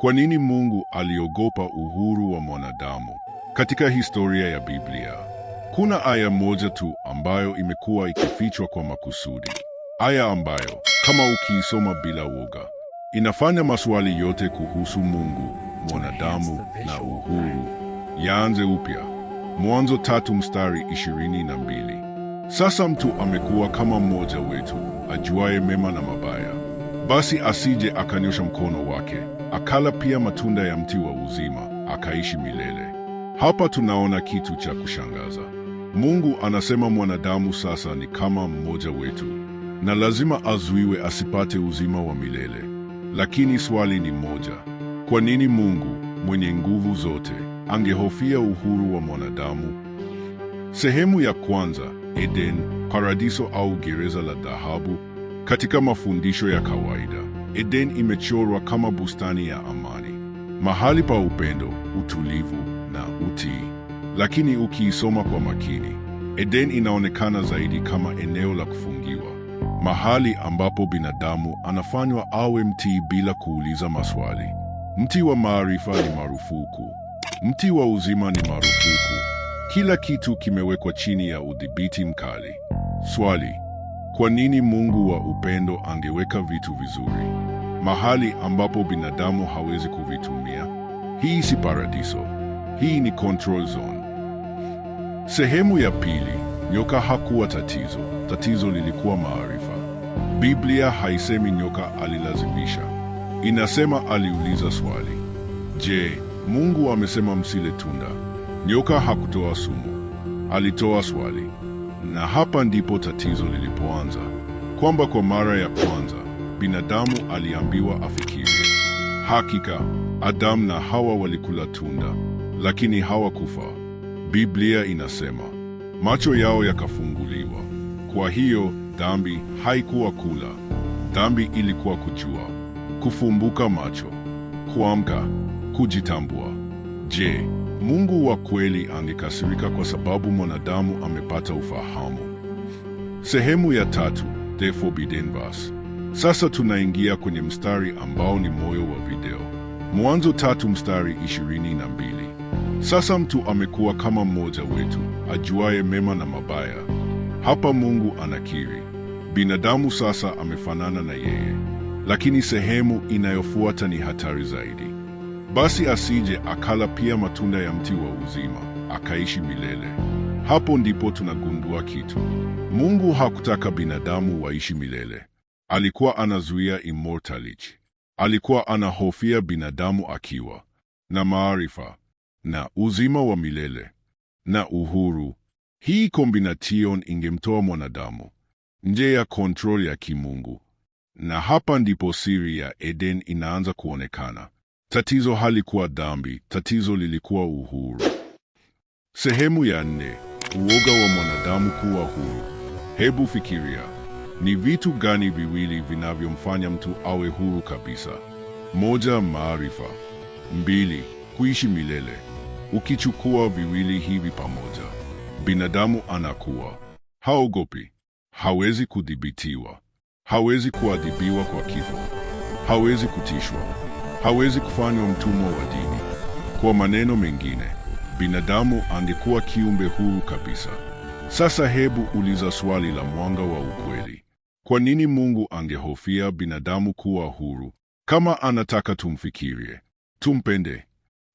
Kwa nini Mungu aliogopa uhuru wa mwanadamu? Katika historia ya Biblia kuna aya moja tu ambayo imekuwa ikifichwa kwa makusudi, aya ambayo kama ukiisoma bila woga inafanya maswali yote kuhusu Mungu, mwanadamu na uhuru yaanze upya. Mwanzo tatu mstari ishirini na mbili. Sasa mtu amekuwa kama mmoja wetu ajuaye mema na mabaya basi asije akanyosha mkono wake, akala pia matunda ya mti wa uzima, akaishi milele. Hapa tunaona kitu cha kushangaza. Mungu anasema mwanadamu sasa ni kama mmoja wetu, na lazima azuiwe asipate uzima wa milele. Lakini swali ni moja: kwa nini Mungu mwenye nguvu zote angehofia uhuru wa mwanadamu? Sehemu ya kwanza: Eden, paradiso au gereza la dhahabu. Katika mafundisho ya kawaida, Eden imechorwa kama bustani ya amani, mahali pa upendo, utulivu na utii. Lakini ukiisoma kwa makini, Eden inaonekana zaidi kama eneo la kufungiwa, mahali ambapo binadamu anafanywa awe mtii bila kuuliza maswali. Mti wa maarifa ni marufuku, mti wa uzima ni marufuku. Kila kitu kimewekwa chini ya udhibiti mkali. Swali: kwa nini Mungu wa upendo angeweka vitu vizuri mahali ambapo binadamu hawezi kuvitumia? Hii si paradiso, hii ni control zone. Sehemu ya pili: nyoka hakuwa tatizo, tatizo lilikuwa maarifa. Biblia haisemi nyoka alilazimisha, inasema aliuliza swali. Je, Mungu amesema msile tunda? Nyoka hakutoa sumu, alitoa swali. Na hapa ndipo tatizo lilipoanza, kwamba kwa mara ya kwanza binadamu aliambiwa afikiri. Hakika Adamu na Hawa walikula tunda, lakini hawakufa. Biblia inasema macho yao yakafunguliwa. Kwa hiyo dhambi haikuwa kula, dhambi ilikuwa kujua, kufumbuka macho, kuamka, kujitambua. Je, Mungu wa kweli angekasirika kwa sababu mwanadamu amepata ufahamu? Sehemu ya tatu, Forbidden Forbiddenbass. Sasa tunaingia kwenye mstari ambao ni moyo wa video. Mwanzo tatu mstari ishirini na mbili. Sasa mtu amekuwa kama mmoja wetu, ajuaye mema na mabaya. Hapa Mungu anakiri. Binadamu sasa amefanana na yeye. Lakini sehemu inayofuata ni hatari zaidi basi asije akala pia matunda ya mti wa uzima akaishi milele. Hapo ndipo tunagundua kitu. Mungu hakutaka binadamu waishi milele. Alikuwa anazuia immortality. Alikuwa anahofia binadamu akiwa na maarifa na uzima wa milele na uhuru. Hii kombination ingemtoa mwanadamu nje ya kontrol ya kimungu, na hapa ndipo siri ya Eden inaanza kuonekana. Tatizo halikuwa dhambi, tatizo lilikuwa uhuru. Sehemu ya nne: uoga wa mwanadamu kuwa huru. Hebu fikiria, ni vitu gani viwili vinavyomfanya mtu awe huru kabisa? Moja, maarifa; mbili, kuishi milele. Ukichukua viwili hivi pamoja, binadamu anakuwa haogopi, hawezi kudhibitiwa, hawezi kuadhibiwa kwa kifo, hawezi kutishwa hawezi kufanywa mtumwa wa dini. Kwa maneno mengine, binadamu angekuwa kiumbe huru kabisa. Sasa hebu uliza swali la mwanga wa ukweli. Kwa nini Mungu angehofia binadamu kuwa huru? Kama anataka tumfikirie, tumpende,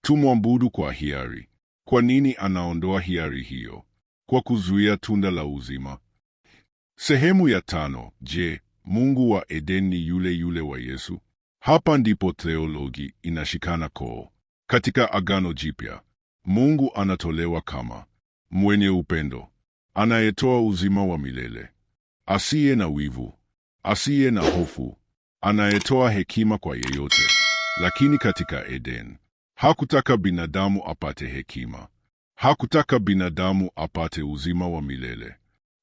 tumwabudu kwa hiari, kwa nini anaondoa hiari hiyo? Kwa kuzuia tunda la uzima. Sehemu ya tano. Je, Mungu wa Edeni yule yule wa Yesu? Hapa ndipo theologi inashikana koo. Katika Agano Jipya, Mungu anatolewa kama mwenye upendo, anayetoa uzima wa milele, asiye na wivu, asiye na hofu, anayetoa hekima kwa yeyote. Lakini katika Eden, hakutaka binadamu apate hekima, hakutaka binadamu apate uzima wa milele.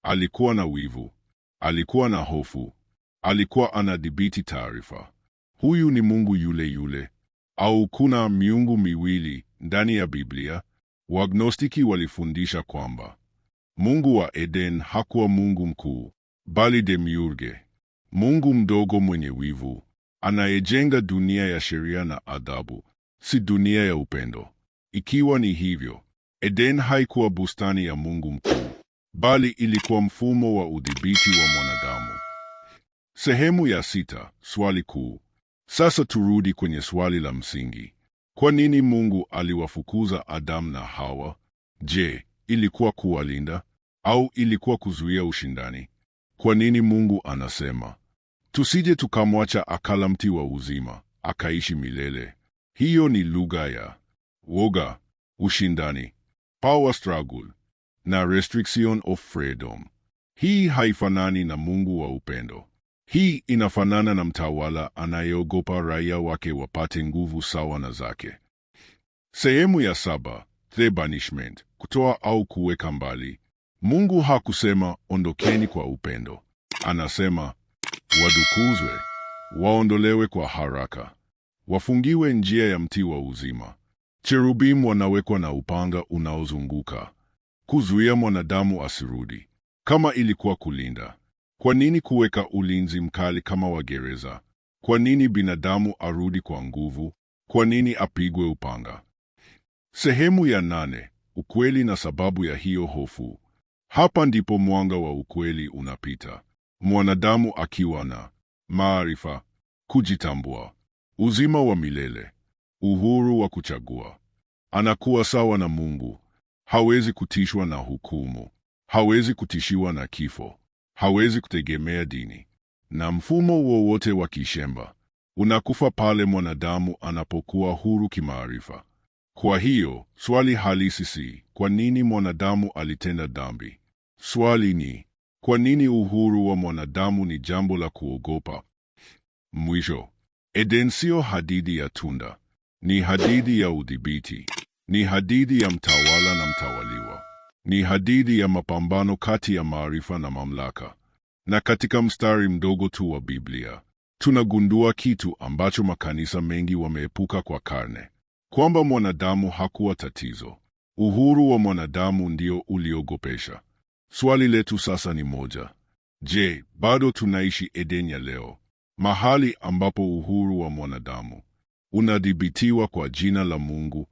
Alikuwa na wivu, alikuwa na hofu, alikuwa anadhibiti taarifa huyu ni Mungu yule yule au kuna miungu miwili ndani ya Biblia? Wagnostiki walifundisha kwamba Mungu wa Eden hakuwa Mungu mkuu, bali demiurge, Mungu mdogo mwenye wivu anayejenga dunia ya sheria na adhabu, si dunia ya upendo. Ikiwa ni hivyo, Eden haikuwa bustani ya Mungu mkuu, bali ilikuwa mfumo wa udhibiti wa mwanadamu. Sehemu ya sita, swali kuu. Sasa turudi kwenye swali la msingi. Kwa nini Mungu aliwafukuza Adamu na Hawa? Je, ilikuwa kuwalinda au ilikuwa kuzuia ushindani? Kwa nini Mungu anasema tusije tukamwacha akala mti wa uzima akaishi milele? Hiyo ni lugha ya woga, ushindani, power struggle na restriction of freedom. Hii haifanani na Mungu wa upendo. Hii inafanana na mtawala anayeogopa raia wake wapate nguvu sawa na zake. Sehemu ya saba, the banishment, kutoa au kuweka mbali. Mungu hakusema ondokeni kwa upendo, anasema wadukuzwe, waondolewe kwa haraka, wafungiwe njia ya mti wa uzima. Cherubimu wanawekwa na upanga unaozunguka kuzuia mwanadamu asirudi, kama ilikuwa kulinda kwa nini kuweka ulinzi mkali kama wa gereza? Kwa nini binadamu arudi kwa nguvu? Kwa nini apigwe upanga? Sehemu ya nane: ukweli na sababu ya hiyo hofu. Hapa ndipo mwanga wa ukweli unapita, mwanadamu akiwa na maarifa, kujitambua, uzima wa milele, uhuru wa kuchagua, anakuwa sawa na Mungu. Hawezi kutishwa na hukumu, hawezi kutishiwa na kifo hawezi kutegemea dini, na mfumo wowote wa kishemba unakufa pale mwanadamu anapokuwa huru kimaarifa. Kwa hiyo swali halisi si kwa nini mwanadamu alitenda dhambi. Swali ni kwa nini uhuru wa mwanadamu ni jambo la kuogopa. Mwisho, Eden sio hadithi ya tunda, ni hadithi ya udhibiti, ni hadithi ya mtawala na mtawaliwa. Ni hadithi ya mapambano kati ya maarifa na mamlaka. Na katika mstari mdogo tu wa Biblia tunagundua kitu ambacho makanisa mengi wameepuka kwa karne, kwamba mwanadamu hakuwa tatizo. Uhuru wa mwanadamu ndio uliogopesha. Swali letu sasa ni moja: je, bado tunaishi Edeni ya leo, mahali ambapo uhuru wa mwanadamu unadhibitiwa kwa jina la Mungu